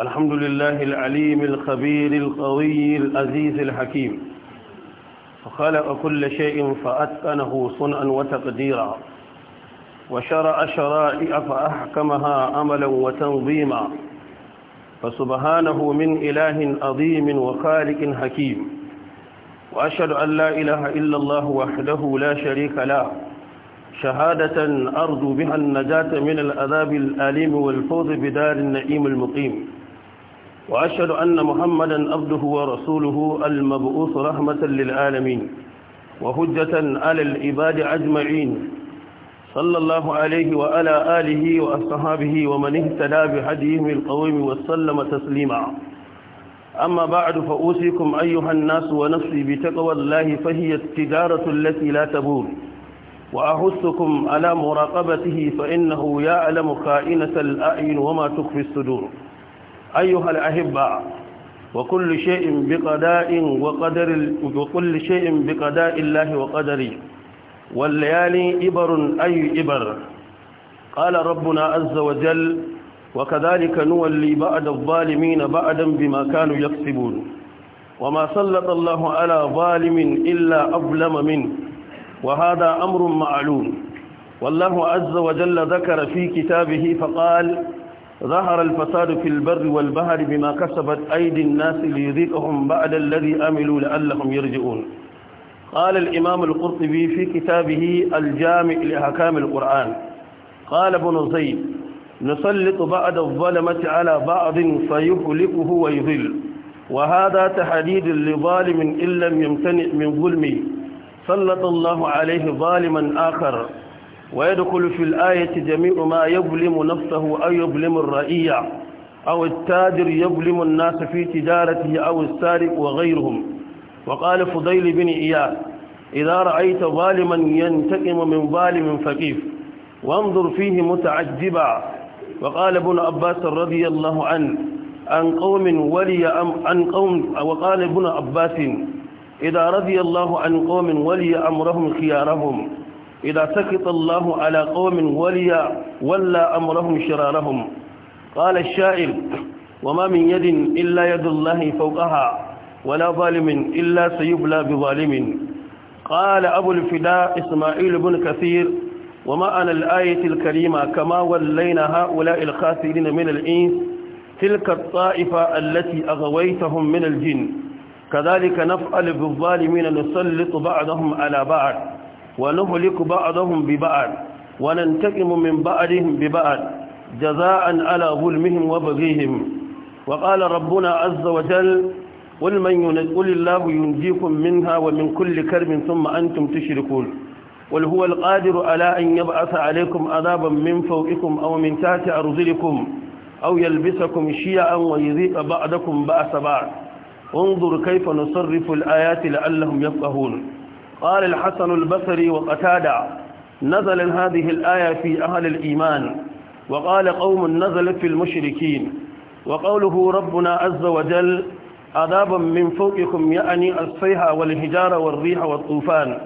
الحمد لله العليم الخبير القوي العزيز الحكيم فخلق كل شيء فأتقنه صنعا وتقديرا وشرع شرائع فأحكمها أملا وتنظيما فسبحانه من إله عظيم وخالق حكيم وأشهد أن لا إله إلا الله وحده لا شريك له شهادة أرجو بها النجاة من العذاب الأليم والفوز بدار النعيم المقيم وأشهد أن محمدا عبده ورسوله المبعوث رحمة للعالمين وهجة على العباد أجمعين صلى الله عليه وعلى آله وأصحابه ومن اهتدى بهديهم القويم وسلم تسليما أما بعد فأوصيكم أيها الناس ونفسي بتقوى الله فهي التجارة التي لا تبور وأحثكم على مراقبته فإنه يعلم خائنة الأعين وما تخفي الصدور أيها الأحباء وكل شيء بقداء وقدر وكل شيء بقداء الله وقدره والليالي إبر أي إبر قال ربنا عز وجل وكذلك نولي بعد الظالمين بعدا بما كانوا يكسبون وما سلط الله على ظالم إلا أظلم منه وهذا أمر معلوم والله عز وجل ذكر في كتابه فقال ظهر الفساد في البر والبحر بما كسبت أيدي الناس ليذيقهم بعد الذي أملوا لعلهم يرجعون قال الإمام القرطبي في كتابه الجامع لأحكام القرآن قال ابن زيد نسلط بعد الظلمة على بعض فيهلكه ويذل وهذا تحديد لظالم إن لم يمتنع من ظلمه سلط الله عليه ظالما آخر ويدخل في الآية جميع ما يظلم نفسه أو يظلم الرئية أو التاجر يظلم الناس في تجارته أو السارق وغيرهم وقال فضيل بن إياد إذا رأيت ظالما ينتقم من ظالم فكيف وانظر فيه متعجبا وقال ابن عباس رضي الله عنه عن قوم ولي عن قوم وقال ابن عباس إذا رضي الله عن قوم ولي أمرهم خيارهم إذا سكت الله على قوم وليا ولا أمرهم شرارهم قال الشاعر وما من يد إلا يد الله فوقها ولا ظالم إلا سيبلى بظالم قال أبو الفداء إسماعيل بن كثير وما أنا الآية الكريمة كما ولينا هؤلاء الخاسرين من الإنس تلك الطائفة التي أغويتهم من الجن كذلك نفعل بالظالمين نسلط بعضهم على بعض ونهلك بعضهم ببعض وننتقم من بعضهم ببعض جزاء على ظلمهم وبغيهم وقال ربنا عز وجل قل من ينزل الله ينجيكم منها ومن كل كرب ثم أنتم تشركون قل هو القادر على أن يبعث عليكم عذابا من فوقكم أو من تحت أرزلكم أو يلبسكم شيعا ويذيق بعضكم بأس بعض انظر كيف نصرف الآيات لعلهم يفقهون قال الحسن البصري وقتادة نزل هذه الآية في أهل الإيمان وقال قوم نزلت في المشركين وقوله ربنا عز وجل عذابا من فوقكم يعني الصيحة والهجارة والريح والطوفان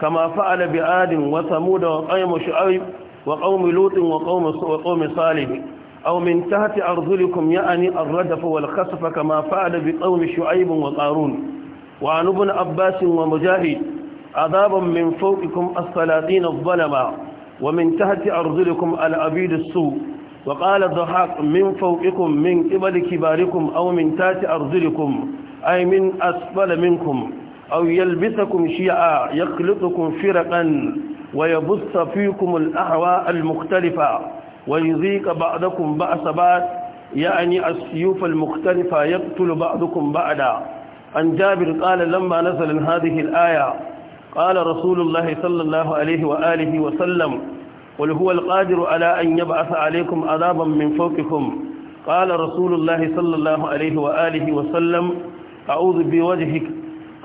كما فعل بعاد وثمود وقوم شعيب وقوم لوط وقوم وقوم صالح أو من تحت أرجلكم يعني الردف والخسف كما فعل بقوم شعيب وقارون وعن ابن عباس ومجاهد عذابا من فوقكم السلاطين الظلمة ومن تحت أرجلكم العبيد السوء وقال الضحاك من فوقكم من قبل كباركم أو من تحت أرجلكم أي من أسفل منكم أو يلبسكم شيعا يخلطكم فرقا ويبث فيكم الأحواء المختلفة ويذيق بعضكم بأس بعض يعني السيوف المختلفة يقتل بعضكم بعدا عن جابر قال لما نزل هذه الآية قال رسول الله صلى الله عليه وآله وسلم قل هو القادر على أن يبعث عليكم عذابا من فوقكم قال رسول الله صلى الله عليه وآله وسلم أعوذ بوجهك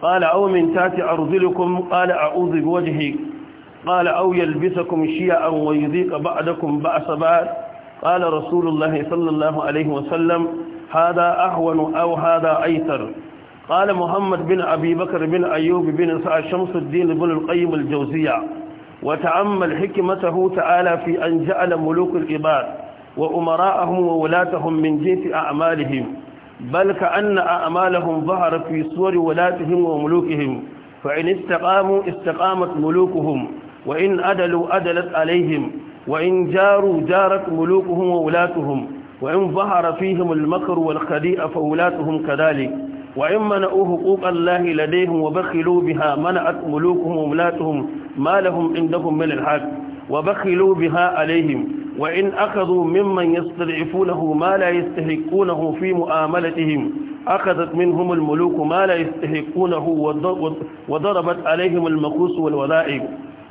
قال أو من تات أرزلكم قال أعوذ بوجهك قال أو يلبسكم شيعا ويذيق بعدكم بعث بعد قال رسول الله صلى الله عليه وسلم هذا أهون أو هذا أيسر قال محمد بن أبي بكر بن أيوب بن سعى شمس الدين بن القيم الجوزية وتأمل حكمته تعالى في أن جعل ملوك العباد وأمراءهم وولاتهم من جنس أعمالهم بل كأن أعمالهم ظهر في صور ولاتهم وملوكهم فإن استقاموا استقامت ملوكهم وإن أدلوا أدلت عليهم وإن جاروا جارت ملوكهم وولاتهم وإن ظهر فيهم المكر والخديئة فولاتهم كذلك وإن منعوا حقوق الله لديهم وبخلوا بها منعت ملوكهم وملاتهم ما لهم عندهم من الحق وبخلوا بها عليهم وإن أخذوا ممن يستضعفونه ما لا يستهلكونه في مؤاملتهم أخذت منهم الملوك ما لا يستهلكونه وضربت عليهم المقوس والوذائب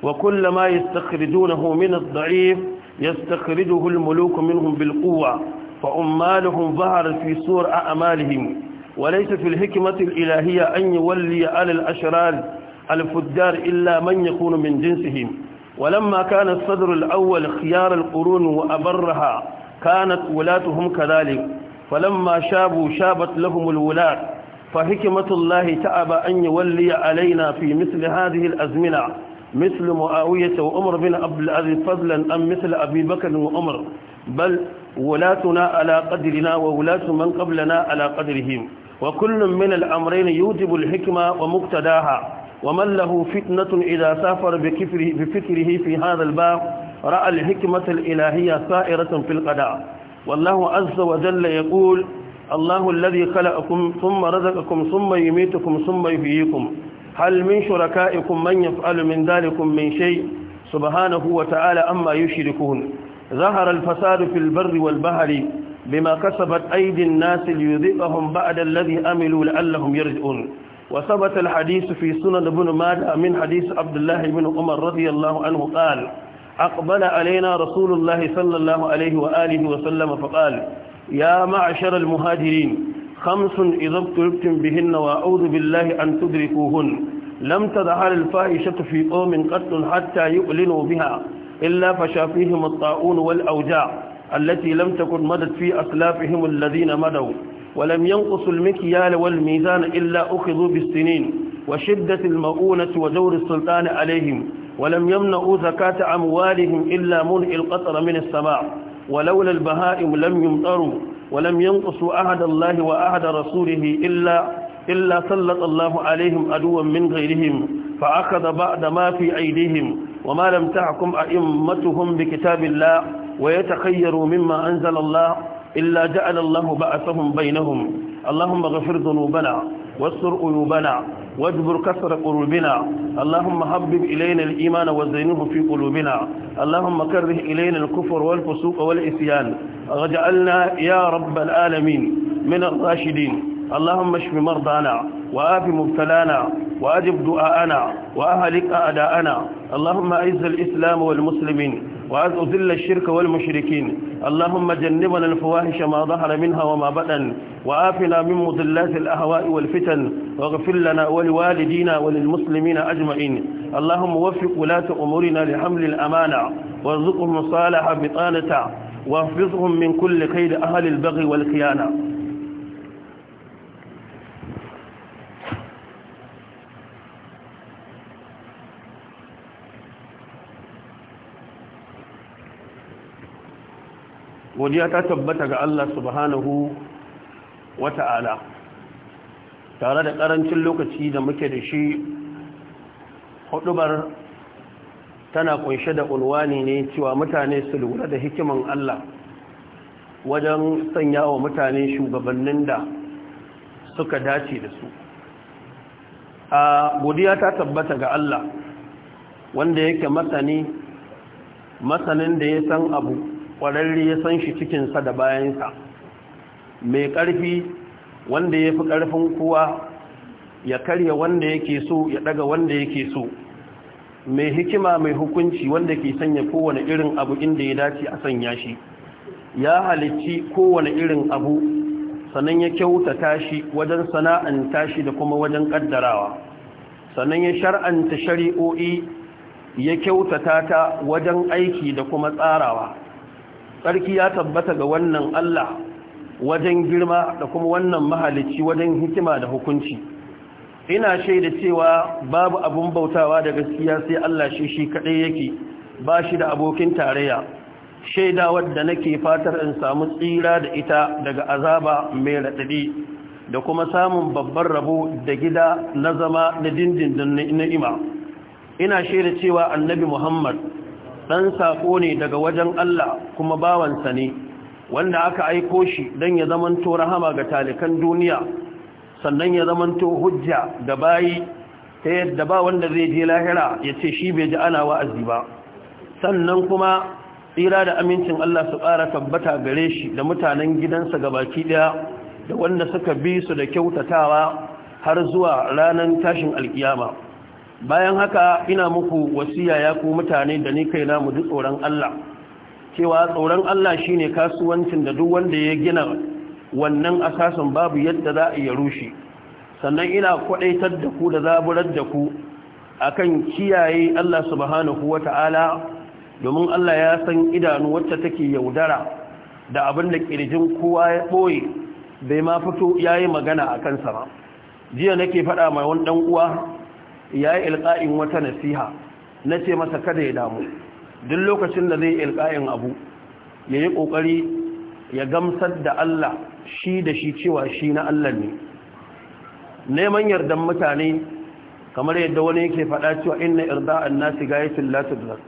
وكل ما يستخرجونه من الضعيف يستخرجه الملوك منهم بالقوة فأمالهم ظهرت في سور أعمالهم وليس في الحكمة الإلهية أن يولي على الأشرار الفجار إلا من يكون من جنسهم ولما كان الصدر الأول خيار القرون وأبرها كانت ولاتهم كذلك فلما شابوا شابت لهم الولاة فحكمة الله تعب أن يولي علينا في مثل هذه الأزمنة مثل معاوية وأمر بن عبد العزيز فضلا أم مثل أبي بكر وأمر بل ولاتنا على قدرنا وولاة من قبلنا على قدرهم وكل من الأمرين يوجب الحكمة ومقتداها ومن له فتنة إذا سافر بكفره بفكره في هذا الباب رأى الحكمة الإلهية سائرة في القضاء والله عز وجل يقول الله الذي خلقكم ثم رزقكم ثم يميتكم ثم يحييكم هل من شركائكم من يفعل من ذلكم من شيء سبحانه وتعالى أما يشركون ظهر الفساد في البر والبحر بما كسبت أيدي الناس ليذيقهم بعد الذي أملوا لعلهم يرجعون وثبت الحديث في سنن ابن ماجه من حديث عبد الله بن عمر رضي الله عنه قال أقبل علينا رسول الله صلى الله عليه وآله وسلم فقال يا معشر المهاجرين خمس إذا ابتلبتم بهن وأعوذ بالله أن تدركوهن لم تظهر الفائشة في قوم قتل حتى يؤلنوا بها إلا فشافيهم الطاعون والأوجاع التي لم تكن مدت في أسلافهم الذين مدوا ولم ينقص المكيال والميزان إلا أخذوا بالسنين وشدة المؤونة ودور السلطان عليهم ولم يمنعوا زكاة عموالهم إلا منع القطر من السماع ولولا البهائم لم يمطروا ولم ينقصوا أحد الله وأحد رسوله إلا إلا سلط الله عليهم أدوا من غيرهم فأخذ بعد ما في أيديهم وما لم تحكم أئمتهم بكتاب الله ويتخيروا مما أنزل الله إلا جعل الله بعثهم بينهم اللهم اغفر ذنوبنا واستر قلوبنا واجبر كسر قلوبنا اللهم حبب إلينا الإيمان وزينه في قلوبنا اللهم كره إلينا الكفر والفسوق والإسيان واجعلنا يا رب العالمين من الراشدين اللهم اشف مرضانا وآف مبتلانا وأجب دعاءنا وأهلك أعداءنا اللهم أعز الإسلام والمسلمين وأن أذل الشرك والمشركين اللهم جنبنا الفواحش ما ظهر منها وما بطن وآفنا من مضلات الأهواء والفتن واغفر لنا ولوالدينا وللمسلمين أجمعين اللهم وفق ولاة أمورنا لحمل الأمانة وارزقهم صالح بطانة واحفظهم من كل قيد أهل البغي والخيانة godiya ta tabbata ga Allah subhanahu wa ta'ala tare da ƙarancin lokaci da muke da shi hudubar tana kunshe da unwani ne cewa mutane su lura da hikiman Allah wajen sanya wa mutane shugabannin da suka dace da su a godiya ta tabbata ga Allah wanda yake masani masanin da ya san abu kwararri ya san shi cikinsa da bayansa mai ƙarfi wanda ya fi ƙarfin kowa ya karya wanda yake so ya ɗaga wanda yake so mai hikima mai hukunci wanda ke sanya kowane irin abu inda ya dace a sanya shi ya halicci kowane irin abu sannan ya kyautata shi wajen sana'anta shi da kuma wajen kaddarawa sannan ya shar'anta shari'o'i ya kyautata ta wajen aiki da kuma tsarawa sarki ya tabbata ga wannan Allah wajen girma da kuma wannan mahalicci wajen hikima da hukunci ina shaida cewa babu abun bautawa da gaskiya sai Allah shi shi kaɗai yake ba shi da abokin tarayya shaida wadda nake fatar in samu tsira da ita daga azaba mai raɗaɗi da kuma samun babban rabo da gida na zama na dindindin na'ima. ina shaida cewa annabi Muhammad dan sako ne daga wajen Allah kuma bawansa ne wanda aka aiko shi dan ya zamanto rahama ga talikan duniya sannan ya zamanto hujja ga bayi ta yadda ba wanda zai je lahira ya ce shi bai ji ana wa'azi ba sannan kuma tsira da amincin Allah su ƙara tabbata gare shi da mutanen gidansa ga baki ɗaya da wanda suka bi su da kyautatawa har zuwa ranar tashin alkiyama. bayan haka ina muku wasiya ya ku mutane da ni kaina mu ji tsoron Allah cewa tsoron Allah shine kasuwancin da duk wanda ya gina wannan asasin babu yadda za a yaro rushe sannan ina kwadaitar da ku da zaburar da ku akan kiyaye Allah subhanahu wata'ala domin Allah ya san idanu wacce take yaudara da abin da kirjin kowa ya boye bai ma fito yayi magana akan sa ba jiya nake faɗa mai wani dan uwa ya yi ilƙa'in wata nasiha na ce masa kada ya damu duk lokacin da zai ilkain abu ya yi ƙoƙari ya gamsar da Allah shi da shi cewa shi na Allah ne neman yardan mutane kamar yadda wani yake faɗa cewa inna an nasi gayatul la tudrak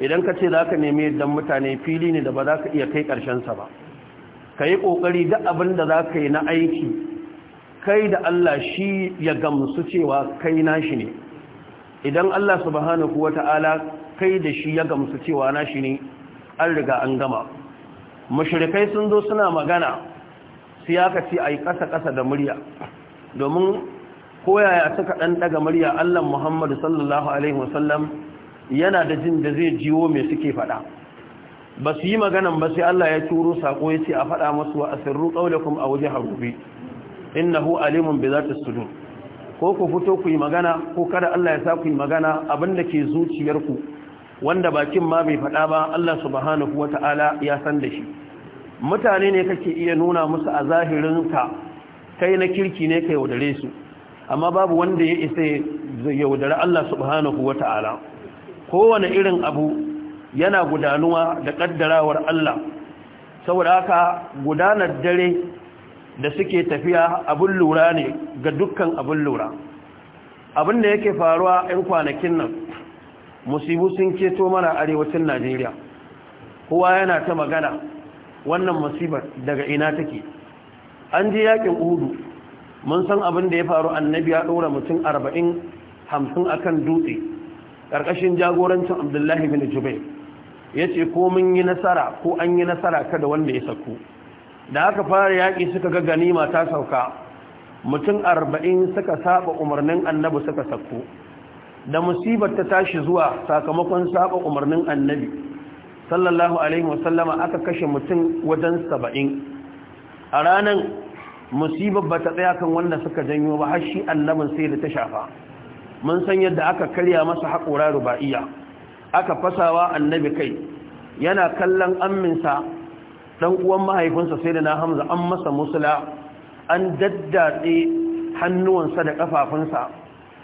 idan ka ce za ka nemi yardan mutane fili ne da ba za ka iya kai ƙarshensa ba ka yi ƙoƙari duk abin da za ka yi na aiki kai da Allah shi ya gamsu cewa kai nashi ne idan Allah subhanahu wata'ala kai da shi ya gamsu cewa nashi ne an riga an gama mushrikai sun zo suna magana siyaka ce yi ƙasa kasa da murya domin koyaya suka ɗanɗaga daga murya Allah Muhammadu sallallahu alaihi wasallam yana da jin da zai jiwo mai suke faɗa ba su yi maganan ba sai Allah ya turo sako ya ce a faɗa masu wa asirru ƙaunakun a jaharu harufi innahu alimun bi zati sudur ko ku fito ku yi magana ko kada Allah ya sa ku yi magana abinda ke zuciyar ku wanda bakin ma bai faɗa ba Allah subhanahu wata'ala ya san da shi mutane ne kake iya nuna musu a zahirin ka kai na kirki ne ka yaudare su amma babu wanda ya isa yaudare Allah subhanahu wata'ala kowane irin abu yana gudanuwa da kaddarawar Allah saboda haka gudanar dare da suke tafiya abin lura ne ga dukkan abin lura abin da yake faruwa 'yan kwanakin nan musibu sun keto mana arewacin najeriya kowa yana ta magana wannan musibar daga ina take an ji yakin udu mun san abin da ya faru annabi ya ɗora mutum arba'in hamsin akan dutse ƙarƙashin jagorancin abdullahi bin jubai ya ce ko mun yi nasara ko an yi nasara kada wanda ya sakku da aka fara yaƙi suka ga ganima ta sauka mutum arba'in suka saba umarnin annabi suka sakko da musibar ta tashi zuwa sakamakon saba umarnin annabi sallallahu alaihi wasallama aka kashe mutum wajen saba'in a ranar musibar ba ta tsaya kan wanda suka janyo ba har shi annabin sai da ta shafa mun san yadda aka karya masa haƙura ruba'iya aka fasawa annabi kai yana kallon Aminsa. dan uwan mahaifinsa sai da na hamza an masa musula an daddatse hannuwansa da kafafunsa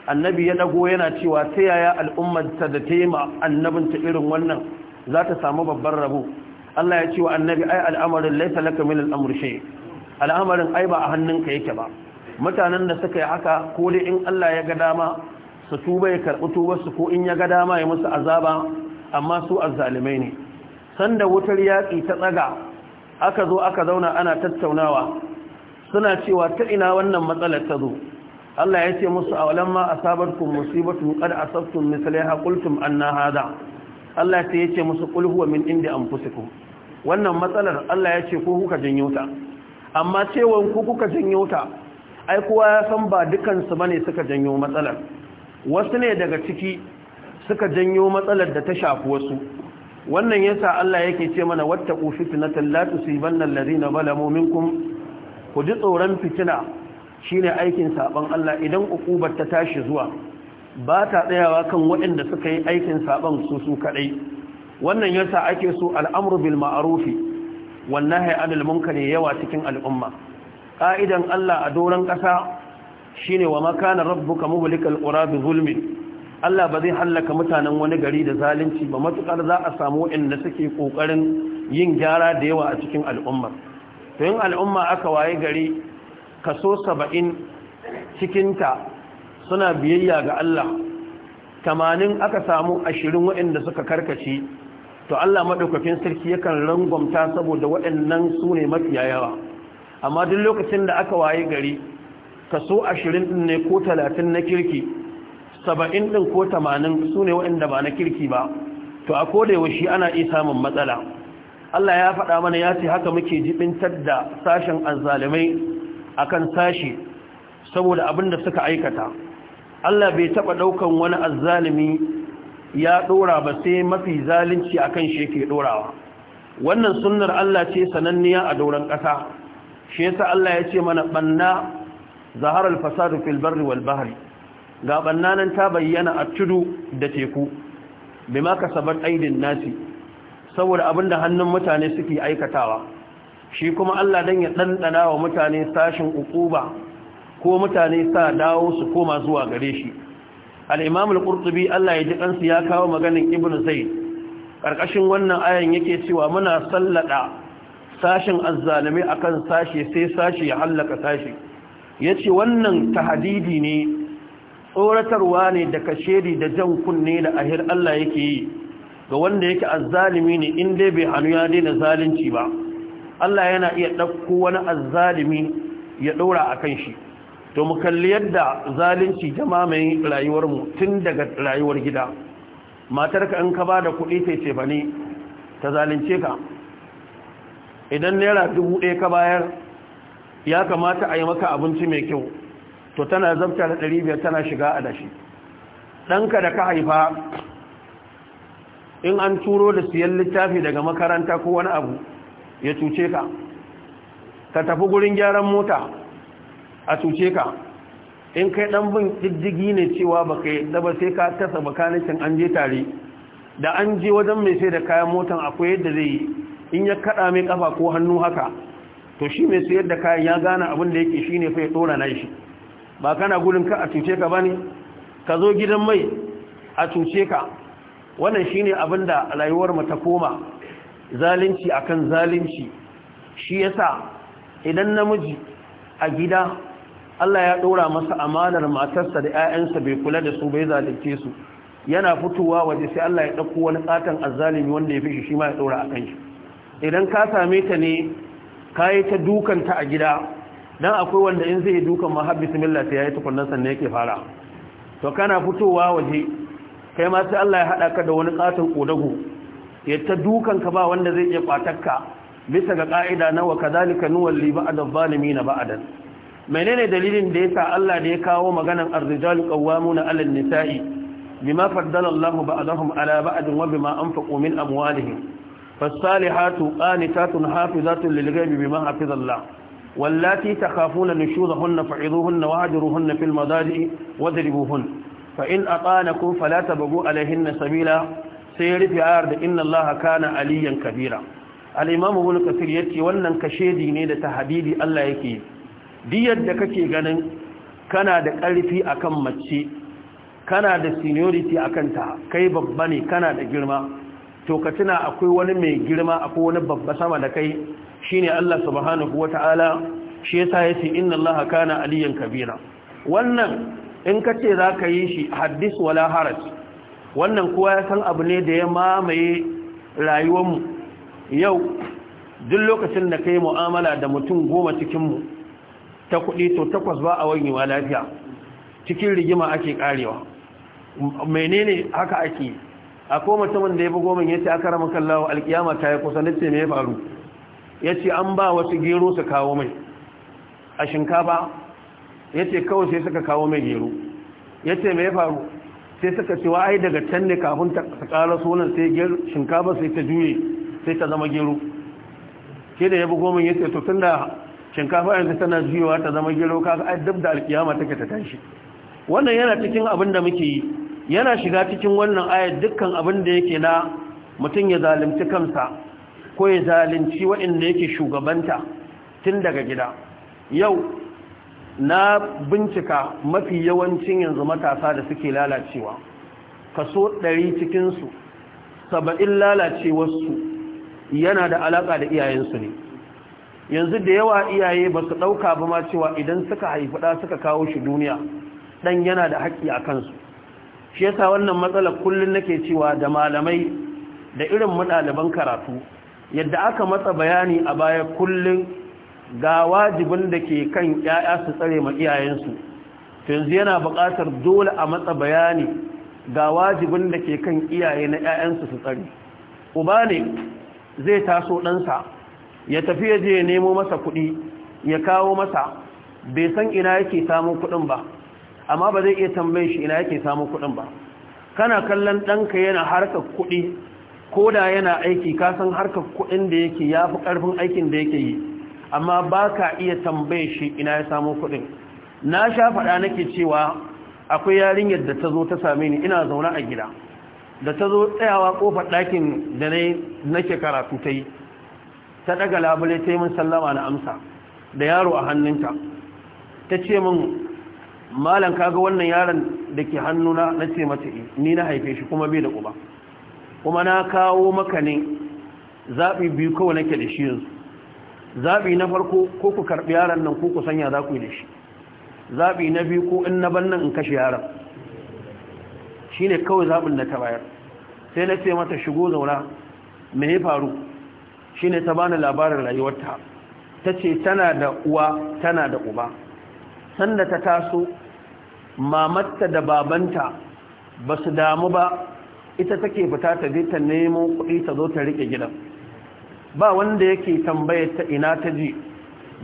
annabi ya dago yana cewa ta yaya al'ummarta da annabin annabinta irin wannan za ta samu babban rabo Allah ya ce wa annabi ai al'amarin laisa laka min al'amr shay al'amarin ai ba a hannunka yake ba mutanen da suka yi haka ko dai in Allah ya ga dama su tuba ya karɓi tuba su ko in ya ga dama ya musu azaba amma su azzalimai ne sanda wutar yaƙi ta tsaga aka zo aka zauna ana tattaunawa suna cewa ta ina wannan matsalar ta zo Allah ya ce musu a walamma asabarkum musibatun qad asabtum mislaha qultum anna hada Allah sai ya ce musu qul huwa min indi anfusikum wannan matsalar Allah ya ce ko kuka janyo ta amma cewa ku kuka janyo ta ai kowa ya san ba dukansu su bane suka janyo matsalar wasu ne daga ciki suka janyo matsalar da ta shafi wasu wannan yasa Allah yake ce mana wattaqu fitnatan la tusibanna alladhina zalamu minkum ku ji tsoron fitina shine aikin saban Allah idan ukubar ta tashi zuwa ba ta tsayawa kan waɗanda suka yi aikin saban su su kadai wannan yasa ake so al'amru bil ma'rufi wan nahyi 'anil munkari yawa cikin al'umma ka'idan Allah a doron ƙasa shine wa makana rabbuka muhlikal qura bi zulmin Allah ba zai hallaka mutanen wani gari da zalunci ba matukar za a samu waɗanda suke ƙoƙarin yin gyara da yawa a cikin al'umma to yin al'umma aka waye gari kaso saba'in cikinta suna biyayya ga Allah tamanin aka samu ashirin waɗanda suka karkace to Allah madaukakin sarki yakan rangwamta saboda waɗannan su ne mafiya yawa amma duk lokacin da aka waye gari kaso ashirin ne ko talatin na kirki saba'in ɗin ko tamanin su ne waɗanda ba na kirki ba to a kodewa shi ana iya samun matsala Allah ya faɗa mana ya ce haka muke jibintar da sashen azzalimai akan sashe saboda abin da suka aikata Allah bai taɓa ɗaukan wani azzalimi ya ɗora ba sai mafi zalunci akan shi yake ɗorawa wannan sunnar Allah ce sananniya a doron ƙasa shi yasa Allah ya ce mana ɓanna zaharar fasadu fil wal bahri ga bannanan ta bayyana a tudu da teku bima sabar aidin nasi saboda abinda hannun mutane suke aikatawa shi kuma Allah dan ya dandana wa mutane sashin ukuba ko mutane sa dawo su koma zuwa gare shi al-imam al-qurtubi Allah ya ji kansu ya kawo maganin ibnu zaid Ƙarƙashin wannan ayan yake cewa muna sallada sashin azzalimi akan sashi sai sashi ya halaka sashi ce wannan tahdidi ne tsoratarwa ne da kashedi da jan kunne da ahir Allah yake yi ga wanda yake azzalimi ne in dai bai hannu ya daina zalunci ba Allah yana iya ɗauko wani azzalimi ya ɗora a kan shi to mu kalli yadda zalunci ta mamaye rayuwarmu tun daga rayuwar gida matarka in ka ba da kuɗi sai ce ba ta zalunce ka idan naira dubu ɗaya ka bayar ya kamata a yi maka abinci mai kyau to tana zabta da ɗari biyar tana shiga a dashi ɗanka da ka haifa in an turo da siyan littafi daga makaranta ko wani abu ya cuce ka ka tafi gurin gyaran mota a cuce ka in kai ɗan bin diddigi ne cewa ba ka sai ka tasa bakanikin an je tare da an je wajen mai sai da kayan motan akwai yadda zai yi in ya kaɗa mai ƙafa ko hannu haka to shi mai sayar da kayan ya gane abin da yake shi ne fai ɗora na shi ba kana gudun ka a cuce ka ba ne ka zo gidan mai a cuce ka wannan shi ne abin da rayuwar mu ta koma zalunci akan zalunci shi ya sa idan namiji a gida Allah ya ɗora masa amanar matarsa da 'ya'yansa bai kula da su bai zalunce su yana fitowa waje sai Allah ya ɗauko wani a azzalimi wanda ya fi shi shi ma ya ɗora akan shi idan ka same ta ne ka yi ta dukanta a gida dan akwai wanda in zai dukan ma har bismillah sai yayi tukunnan sannan yake fara to kana fitowa waje kai ma sai Allah ya hada ka da wani katon kodago ya ta dukan ka ba wanda zai iya kwatakka bisa ga ka'ida na wa kadhalika nuwalli ba'd adh-dhalimin ba'dan menene dalilin da yasa Allah da ya kawo maganan ar-rijalu qawwamuna 'ala an-nisa'i bima faddala Allahu ba'dahum 'ala ba'din wa bima anfaqu min amwalihim فالصالحات قانتات حافظات للغيب بما حفظ الله wallati takhafuna nushuzahunna fa'iduhunna wahjuruhunna fil madaji wadribuhunna fa in atanakum fala tabu alaihinna sabila sai ya rufe ayar da inna allaha kana aliyan kabira al-imamu kasir yace wannan kashedi ne da tahdidi Allah yake yi diyar da kake ganin kana da karfi akan mace kana da seniority akan ta kai babba ne kana da girma to ka tuna akwai wani mai girma akwai wani babba sama da kai shine Allah subhanahu wata'ala shi yasa yace inna Allah kana aliyan kabira wannan in ka ce za ka yi shi haddis wala haraj wannan kowa ya san abu ne da ya mamaye rayuwar mu. yau duk lokacin da ka mu'amala da mutum goma cikinmu ta kudi to takwas ba a wani lafiya cikin rigima ake karewa. menene haka ake A koma tumin da ya bugo min yace aka rama kallawa alkiyama ta yi kusa nace me ya faru yace an ba wasu gero su kawo mai a shinkafa yace kawai sai suka kawo mai gero yace me ya faru sai suka ce wa'ai daga can ne kafin ta kara sunan sai shinkafa sai ta juye sai ta zama gero ke da ya bugo min yace to tunda shinkafa yanzu tana juyewa ta zama gero kaga ai dab da alkiyama take ta tashi wannan yana cikin abin da muke yi yana shiga cikin wannan ayar dukkan abin da yake na mutum ya zalunci kansa ko ya zalunci waɗanda yake shugabanta tun daga gida yau na bincika mafi yawancin yanzu matasa da suke lalacewa kaso ɗari cikinsu saba'in lalacewarsu yana da alaƙa da iyayensu ne yanzu da yawa iyaye ba su ɗauka ba ma cewa idan suka haifi ɗa suka kawo shi duniya ɗan yana da haƙƙi a kansu shi yasa wannan matsalar kullun nake cewa da malamai da irin mudaliban karatu yadda aka matsa bayani a baya kullun ga wajibin da ke kan ƴaƴa su tsare ma iyayensu yanzu yana buƙatar dole a matsa bayani ga wajibin da ke kan iyaye na 'ya'yansu su tsare uba ne zai taso ɗansa ya tafi ya je ya nemo masa kuɗi ya kawo masa bai san ina yake samun kuɗin ba amma ba zai iya tambayin shi ina yake samun kuɗin ba kana kallon ɗanka yana harkar kuɗi ko da yana aiki ka san harkar kuɗin da yake ya fi ƙarfin aikin da yake yi amma ba ka iya tambayin shi ina ya samu kuɗin na sha faɗa nake cewa akwai yarinyar da ta zo ta same ni ina zaune a gida da ta zo tsayawa ƙofar ɗakin da nake karatu ta yi ta ɗaga labule ta yi min sallama na amsa da yaro a hannunta ta ce min malam kaga wannan yaron da ke hannuna na ce mata eh, ni na haife shi kuma bai da uba kuma na kawo maka ne zaɓi biyu kawai nake da shi yanzu zaɓi na farko ko ku karɓi yaron nan ko ku sanya za ku yi da shi zaɓi na biyu ko in na ban nan in kashe yaron shi ne kawai zaɓin da ta bayar sai na ce mata shigo zauna me ya faru shi ne ta bani labarin rayuwarta ta ce tana da uwa tana da uba sanda ta taso mamatta da babanta ba su damu ba ita take fita ta je ta nemo kuɗi ta zo ta riƙe gidan ba wanda yake tambayar ta ina ta ji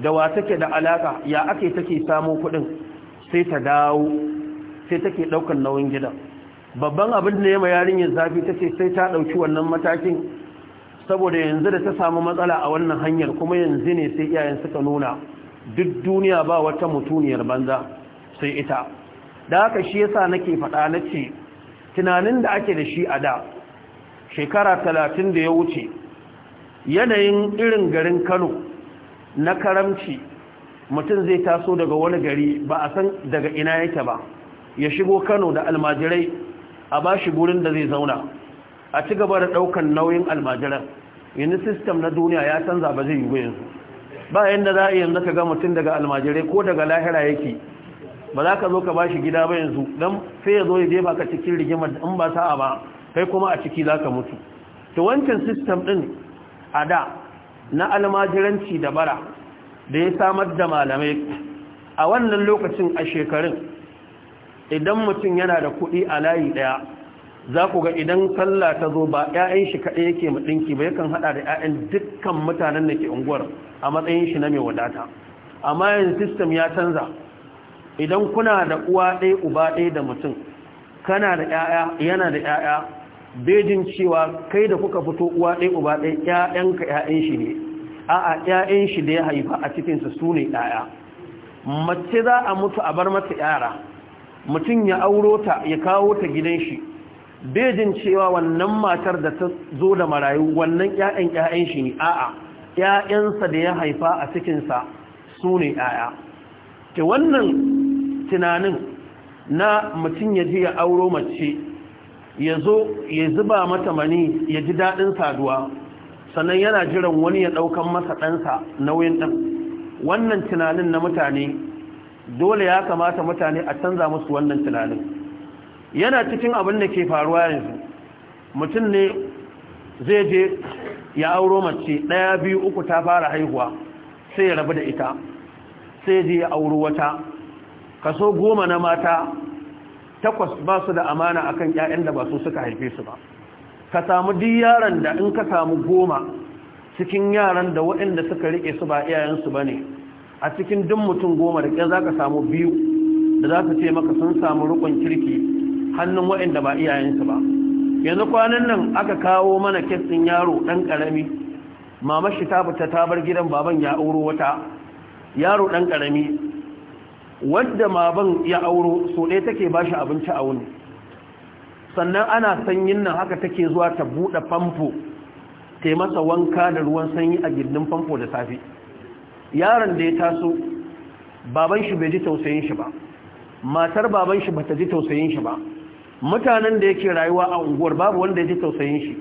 da wa take da alaƙa ya ake take samo kuɗin sai ta dawo sai take ɗaukar nauyin gidan babban abin da ya ma yarinyar zafi ta ce sai ta ɗauki wannan matakin saboda yanzu da ta samu matsala a wannan hanyar kuma yanzu ne sai iyayen suka nuna duk duniya ba wata mutuniyar banza sai ita da haka shi yasa nake faɗa na ce tunanin da ake da shi a da shekara talatin da ya wuce yanayin irin garin kano na karamci mutum zai taso daga wani gari ba a san daga ina yake ba ya shigo kano da almajirai a ba shi gurin da zai zauna a ci gaba da ɗaukan nauyin almajiran yanzu sistem na duniya ya canza ba zai yi ba yadda za a yanzu ka ga mutum daga almajirai ko daga lahira yake ba za ka zo ka ba shi gida ba yanzu don sai ya zo ya jefa ka cikin rigimar in ba sa'a ba kai kuma a ciki za ka mutu to wancan sistem din a da na almajiranci da bara da ya samar da malamai a wannan lokacin a shekarun idan mutum yana da kuɗi a layi ɗaya za ku ga idan sallah ta zo ba 'ya'yan shi kaɗai yake maɗinki ba yakan haɗa da 'ya'yan dukkan mutanen da ke unguwar a matsayin shi na mai wadata amma yanzu sistem ya canza idan kuna da uwa ɗaya uba ɗaya da mutum kana da ƴaƴa yana da ƴaƴa bejin cewa kai da kuka fito uwa ɗaya uba ɗaya ƴaƴanka ƴaƴan shi ne a'a ƴaƴan shi da ya haifa a cikin su sune ƴaƴa mace za a mutu a bar mata yara mutum ya auro ta ya kawo ta gidan shi bejin cewa wannan matar da ta zo da marayu wannan ƴaƴan ƴaƴan shi ne a'a ƴaƴansa da ya haifa a cikinsa sa sune ƴaƴa ke wannan tunanin na mutum ya ji ya auro mace ya zo ya zuba mata mani ya ji daɗin saduwa sannan yana jiran wani ya ɗaukan masa ɗansa nauyin ɗan wannan tunanin na mutane dole ya kamata mutane a canza musu wannan tunanin yana cikin abin da ke faruwa yanzu mutum ne zai je ya auro mace ɗaya biyu uku ta fara haihuwa sai ya rabu da ita sai je ya auro wata kaso goma na mata takwas ba su da amana akan ƴaƴan da ba su suka haife su ba ka samu duk yaran da in ka samu goma cikin yaran da waɗanda suka rike su ba iyayensu ba ne a cikin duk mutum goma da ke za ka samu biyu da za su ce maka sun samu rukun kirki hannun waɗanda ba iyayensu ba yanzu kwanan nan aka kawo mana kessin yaro ɗan ƙarami Mama shi ta fita ta bar gidan baban ya auro wata yaro ɗan ƙarami wadda maban ya auro so ɗaya take ba shi abinci a wuni sannan ana sanyin nan haka take zuwa ta buɗe famfo ta masa wanka da ruwan sanyi a gindin famfo da safe yaron da ya taso baban shi bai ji tausayin shi ba matar baban shi bata ji tausayin shi ba mutanen da yake rayuwa a unguwar babu wanda ya ji tausayin shi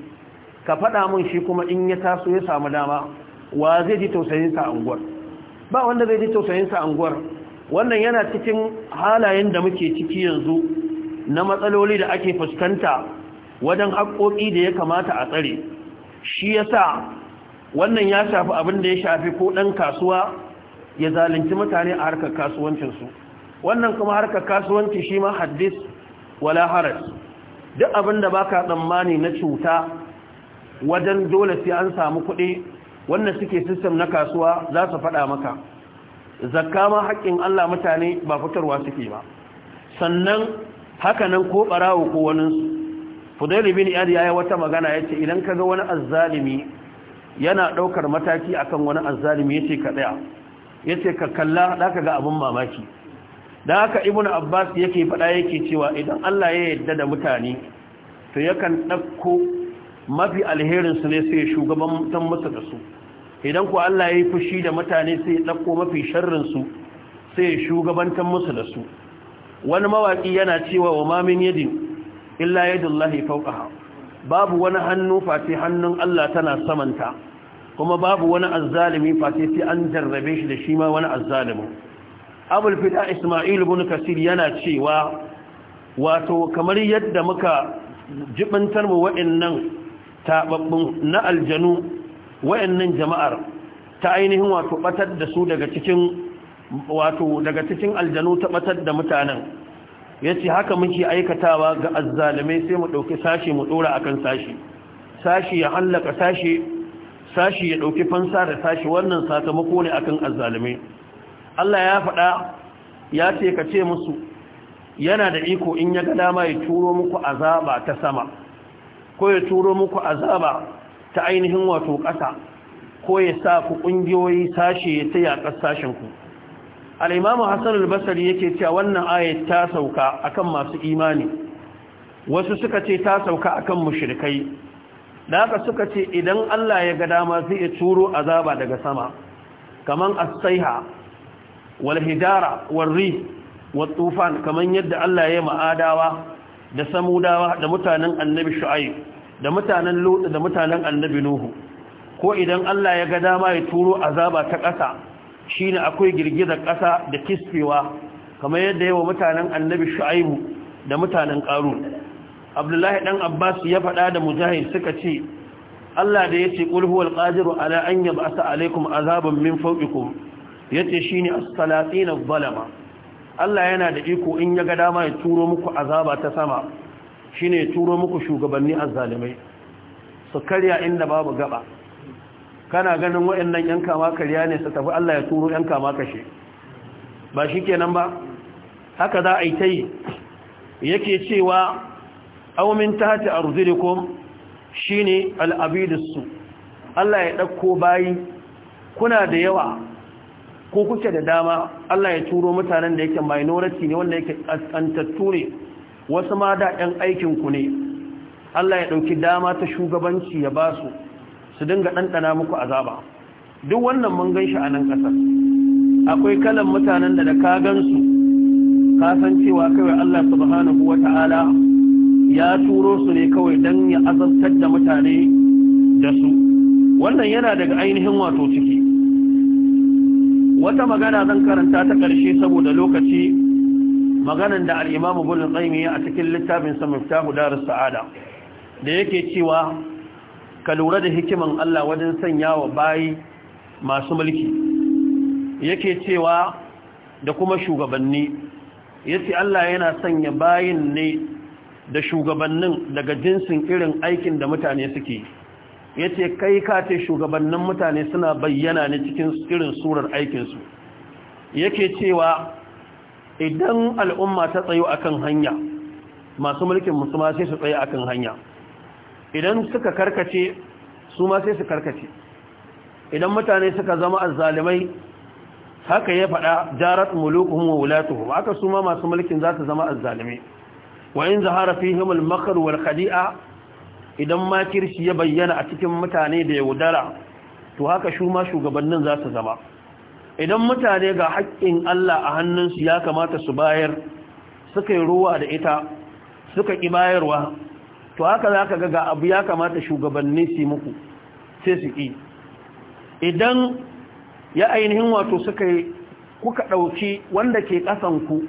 ka faɗa min shi kuma in ya taso ya samu dama wa zai ji tausayinsa a unguwar ba wanda zai ji tausayinsa a unguwar wannan yana cikin halayen da muke ciki yanzu na matsaloli da ake fuskanta wajen haƙoƙi da ya kamata a tsare shi yasa wannan ya shafi abin da ya shafi ko ɗan kasuwa ya zalunci mutane a harkar kasuwancinsu wannan kuma harkar kasuwanci shi ma haddis wala haras duk abin da baka tsammani na cuta wajen dole sai an samu kuɗi wannan suke sistem na kasuwa za su faɗa maka zakka ma haƙƙin Allah mutane ba fitarwa suke ba sannan haka nan ko barawo ko waninsu fudaili bin iyad yayi wata magana yace idan kaga wani azzalimi yana daukar mataki akan wani azzalimi yace ka tsaya yace ka kalla ka ga abun mamaki dan haka Ibn abbas yake fada yake cewa idan Allah ya yarda da mutane to yakan dauko mafi alherin su ne sai shugaban mutan musu da su idan ku Allah ya yi fushi da mutane sai ya ɗauko mafi sharrinsu sai ya shugabantar musu da su wani mawaƙi yana cewa wa mamin yadi illa yadullahi fawqaha babu wani hannu face hannun Allah tana samanta kuma babu wani azzalimi face sai an jarrabe shi da shi ma wani azzalimi abul fita isma'il ibn kasir yana cewa wato kamar yadda muka jibintar mu waɗannan tababbun na aljanu wayannan jama'ar ta ainihin wato batar da su daga cikin wato daga cikin aljanu ta batar da mutanen yace haka muke aikatawa ga azzalumi sai mu dauki sashi mu dora akan sashi sashi ya hallaka sashi sashi ya dauki fansa da sashi wannan sakamako ne akan azzalume Allah ya faɗa ya ce ka ce musu yana da iko in ya ga dama ya turo muku azaba ta sama ko ya turo muku azaba ta ainihin wato ƙasa ko ya sa ku ƙungiyoyi sashe ya taya ƙasashenku al'imamu hassan albasari yake cewa wannan ayat ta sauka akan masu imani wasu suka ce ta sauka akan mushrikai da haka suka ce idan allah ya ga dama zai iya turo azaba daga sama kaman asaiha saiha wal hijara wal tufan kaman yadda allah ya ma'adawa da samudawa da mutanen annabi shu'aib da mutanen Lut da mutanen Annabi Nuhu ko idan Allah ya ga dama ya turo azaba ta ƙasa shine akwai girgizar ƙasa da kisfewa kamar yadda yawa mutanen Annabi Shu'aibu da mutanen Qarun Abdullahi ɗan Abbas ya faɗa da Mujahid suka ce Allah da yace qul huwal qadiru ala an yab'atha alaykum azaban min fawqikum yace shine as-salatin az-zalama Allah yana da iko in ya ga dama ya turo muku azaba ta sama shine turo muku shugabanni a zalimai su karya inda babu gaba kana ganin waɗannan yan kama karya ne su tafi Allah ya turo yan kama kashe ba shi nan ba haka za a yi ta yi. yake cewa aumin tati a arzulikum shine ne abidus Allah ya ɗakko bayi kuna da yawa ko kuke da dama Allah ya turo mutanen da yake minority ne wanda yake kasantattu ne wasu ma da ɗan aikinku ne Allah ya ɗauki dama ta shugabanci ya ba su su dinga ɗanɗana muku azaba duk wannan mun gan shi a nan ƙasar akwai kalan mutanen da da ka gan su kasancewa kawai Allah subhanahu wa ta'ala ya turo su ne kawai don ya azabtar da mutane da su wannan yana daga ainihin wato ciki wata magana zan karanta ta ƙarshe saboda lokaci maganan da al-Imam Ibn Qayyim ya a cikin littafin sa Miftahu Darus Sa'ada da yake cewa ka lura da hikiman Allah wajen sanyawa bayi masu mulki yake cewa da kuma shugabanni yace Allah yana sanya bayin ne da shugabannin daga jinsin irin aikin da mutane suke yace kai ka ce shugabannin mutane suna bayyana ne cikin irin surar aikinsu yake cewa idan al'umma ta tsayo kan hanya masu mulkin musulma sai su tsaye kan hanya idan suka karkace su ma sai su karkace idan mutane suka zama azzalimai haka ya faɗa jarat mulukuhum wa wulatuhum haka su ma masu mulkin za su zama azzalimai wa in zahara fihim al-makr wal khadi'a idan makirci ya bayyana a cikin mutane da yaudara to haka shuma shugabannin za su zama idan mutane ga haƙƙin Allah a hannunsu ya kamata su bayar suka yi ruwa da ita suka ƙi bayarwa to haka za ka ga abu ya kamata shugabanni su muku sai su ƙi idan ya ainihin wato suka yi kuka ɗauki wanda ke ƙasanku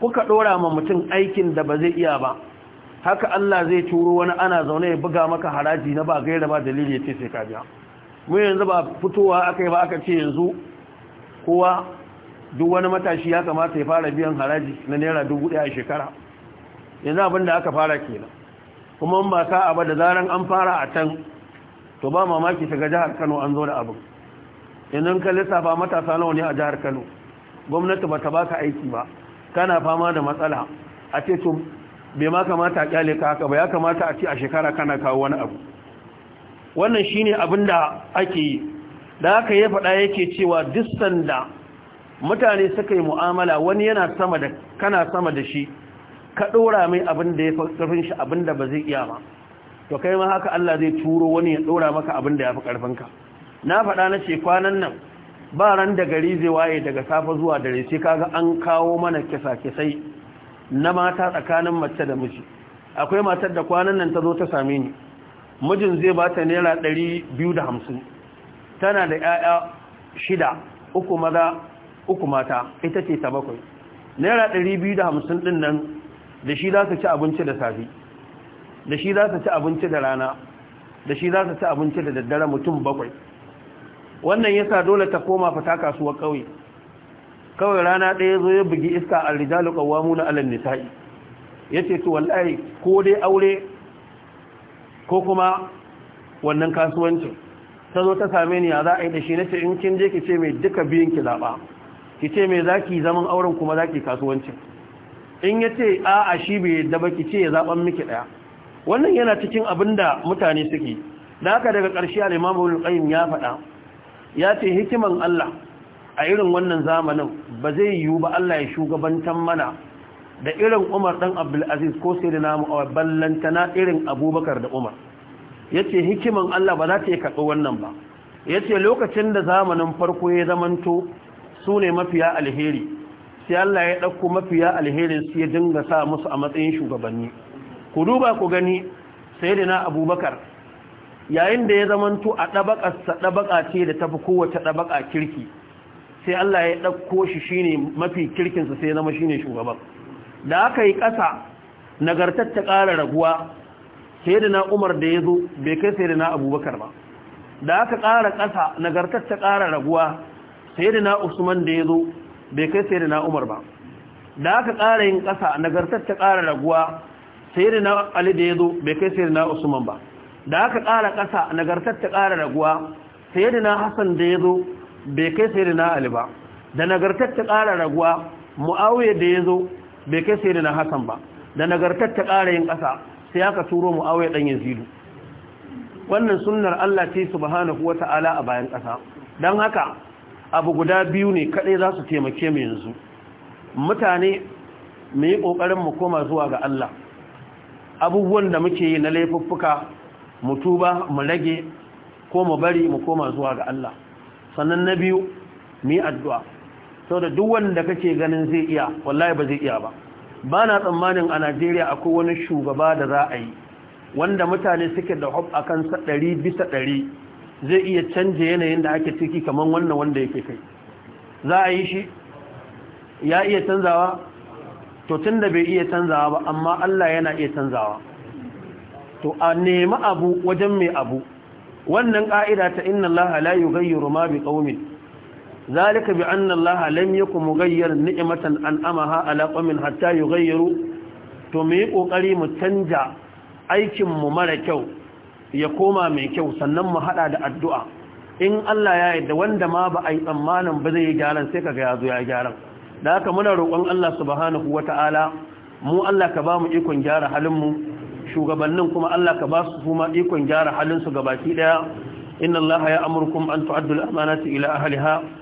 kuka ɗora ma mutum aikin da ba zai iya ba haka Allah zai turo wani ana zaune ya buga maka haraji na ba gaira ba dalili ya ce sai ka biya mu yanzu ba fitowa aka yi ba aka ce yanzu kowa duk wani matashi ya kamata ya fara biyan haraji na naira dubu ɗaya a shekara yanzu abin da aka fara kenan kuma ba ka abu da zaran an fara a can to ba mamaki ta ga jihar kano an zo da abin yanzu ka lissafa matasa nawa ne a jihar kano gwamnati ba ta baka aiki ba kana fama da matsala a ce to bai ma kamata a kyale ka haka ba ya kamata a ce a shekara kana kawo wani abu wannan shine abin da ake yi da aka yi faɗa yake cewa duk sanda mutane suka yi mu'amala wani yana sama da kana sama da shi ka ɗora mai abin da ya fi shi abin da ba zai iya ba to kai ma haka Allah zai turo wani ya ɗora maka abin da ya fi ƙarfinka na faɗa na ce kwanan nan ba ran da gari zai waye daga safa zuwa dare sai kaga an kawo mana kisa-kisai na mata tsakanin mace da miji akwai matar da kwanan nan ta zo ta same ni mijin zai ba ta naira ɗari biyu da hamsin tana da 'ya'ya shida uku maza uku mata ita ce ta bakwai naira biyu da hamsin ɗin nan da shi za su ci abinci da safi da shi za su ci abinci da rana da shi za su ci abinci da daddare mutum bakwai wannan yasa dole ta koma fata kasuwar ƙauye kawai rana ɗaya zo ya bugi iska a rijalu ƙawamu na alal nisa'i ya ce wallahi ko dai aure ko kuma wannan kasuwancin ta zo ta same ni a za a yi da shi na ce in kin je ki ce mai duka biyun ki zaɓa ki ce mai za ki zaman auren kuma za ki kasuwancin in ya ce a a shi bai yadda ba ki ce ya zaɓan miki ɗaya wannan yana cikin abin da mutane suke da haka daga ƙarshe a Limamin ƙayyim ya faɗa ya ce hikiman Allah a irin wannan zamanin ba zai yiwu ba Allah ya shugabantan mana da irin Umar ɗan Abdulaziz ko sai da namu a ballantana irin Abubakar da Umar yace hikiman Allah ba za ta yi katsu wannan ba yace lokacin da zamanin farko ya zamanto su ne mafiya alheri sai Allah ya ɗauko mafiya alherin su ya dinga sa musu a matsayin shugabanni ku duba ku gani sai da na abubakar yayin da ya zamanto a sa ɗabaka ce da tafi kowace ɗabaka kirki sai Allah ya ɗauko shi shine mafi kirkinsa sai zama shine shugaban da aka yi ƙasa nagartar ta ƙara raguwa Sai da na Umar da ya zo bai kai sai da na Abubakar ba da aka ƙara ƙasa nagartar ta ƙara raguwa sai da na Usman da ya zo bai kai sai da na Umar ba da aka ƙara yin ƙasa nagartar ta ƙara raguwa sai da na Ali da ya zo bai kai sai da na Usman ba da aka ƙara ƙasa nagartar ta ƙara raguwa sai da na Hassan da ya zo bai kai sai da na Ali ba da nagartar ta ƙara raguwa mu'awiyar da ya zo bai kai sai da na Hassan ba da nagartar ta ƙara yin ƙasa sai aka turo mu awai dan yazidu wannan sunnar Allah ce subhanahu wata'ala a bayan ƙasa dan haka abu guda biyu ne kadai za su taimake mu yanzu mutane mu yi ƙoƙarin mu koma zuwa ga Allah abubuwan da muke yi na laifuffuka mu tuba mu rage ko mu bari mu koma zuwa ga Allah sannan na biyu mu yi addu'a saboda duk wanda kake ganin zai iya wallahi ba zai iya ba ba na tsammanin a najeriya akwai wani shugaba da za a yi wanda mutane suke da hub a kansa ɗari bisa ɗari zai iya canje yanayin da ake ciki kamar wannan wanda yake kai za a yi shi ya iya canzawa to tun da bai iya canzawa ba amma allah yana iya canzawa to a nemi abu wajen mai abu wannan ƙa'ida ta inna allaha la yughayyiru ma bi qaumin zalika bi anna allaha lam yakum mughayyir ni'matan an'amaha ala qaumin hatta yughayyiru to mu yi kokari mu canja aikin mu mara kyau ya koma mai kyau sannan mu hada da addu'a in Allah ya yarda wanda ma ba ai tsammanin ba zai yi gyaran sai kaga ya zo ya gyaran da haka muna roƙon Allah subhanahu wata'ala mu Allah ka ba mu ikon gyara halin mu shugabannin kuma Allah ka ba su kuma ikon gyara halin su gabaki daya inna Allaha ya amurkum an tu'addu al-amanati ila ahliha